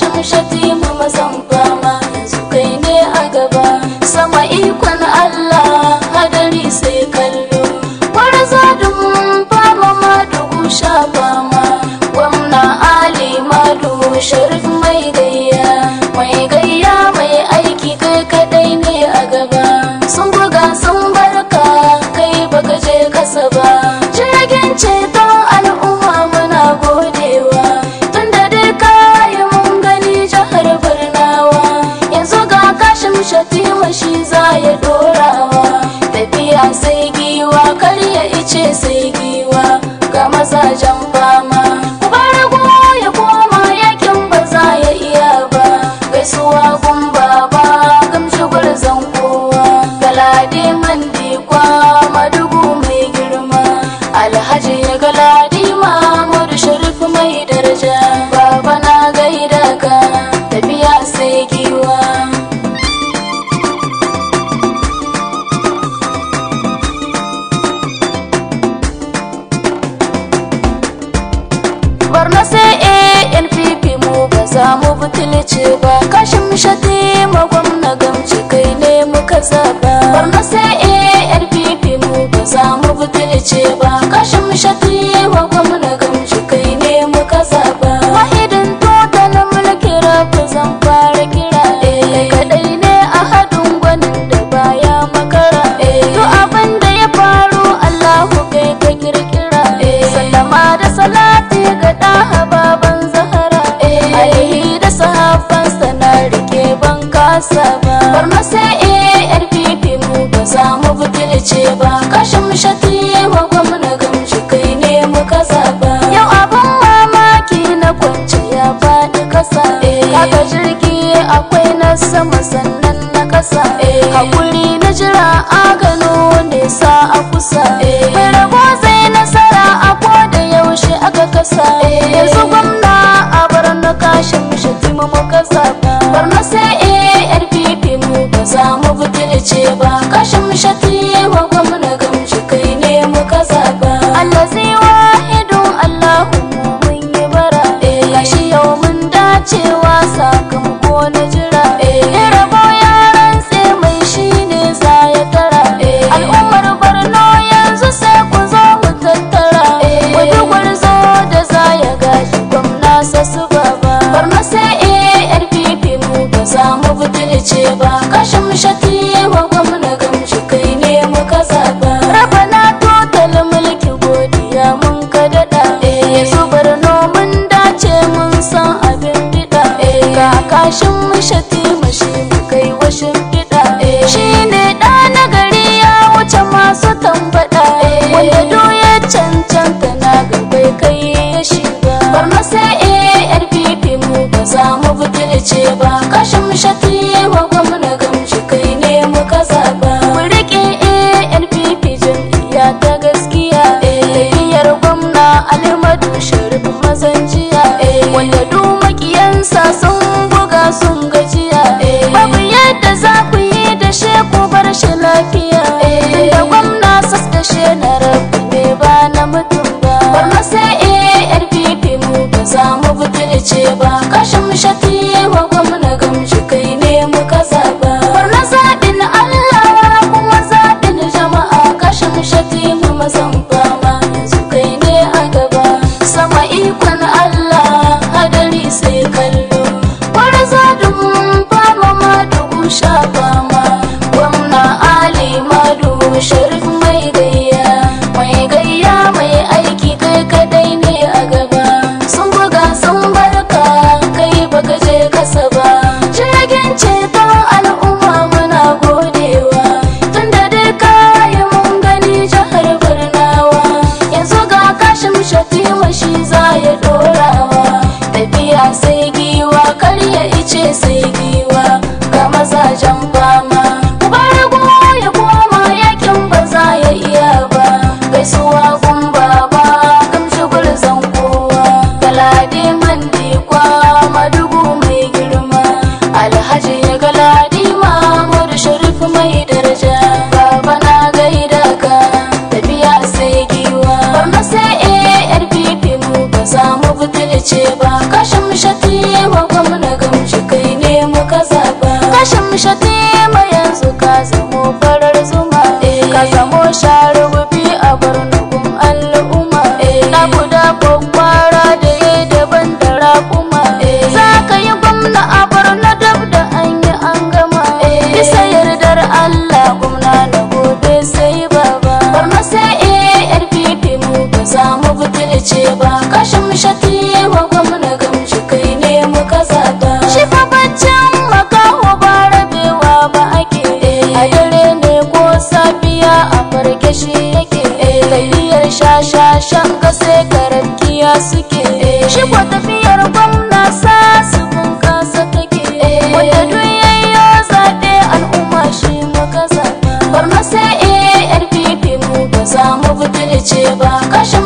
shafshat yi ma mazan fama yanzu kai ne a gaba sama ikon Allah hadari sai kallo kwarza dun fama ma dubu fama gwamna Ali ma dubu mai dai já What's up? Allah 什么设定？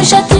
J'attends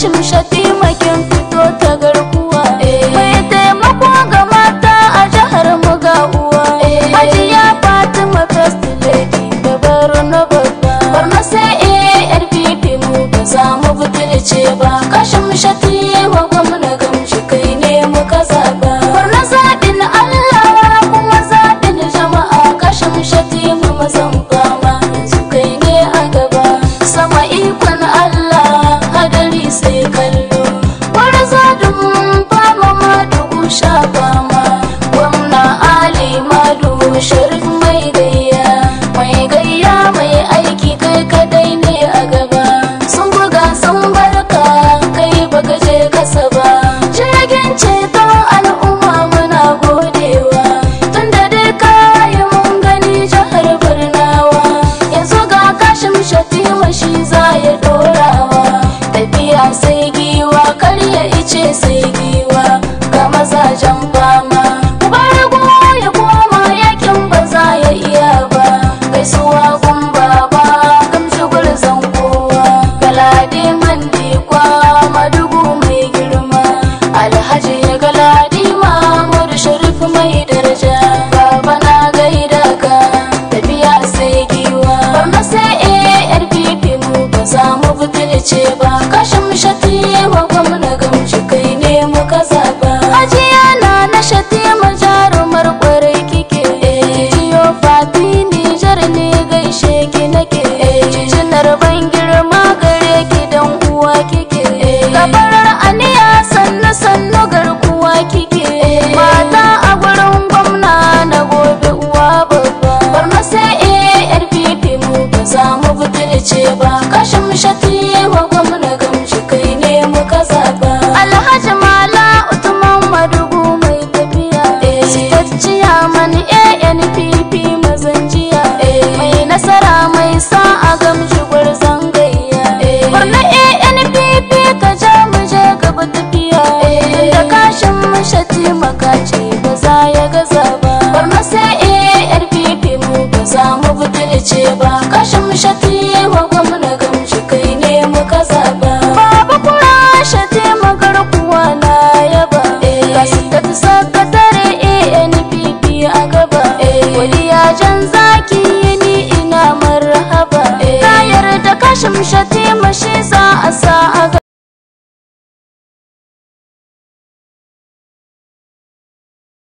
taşımış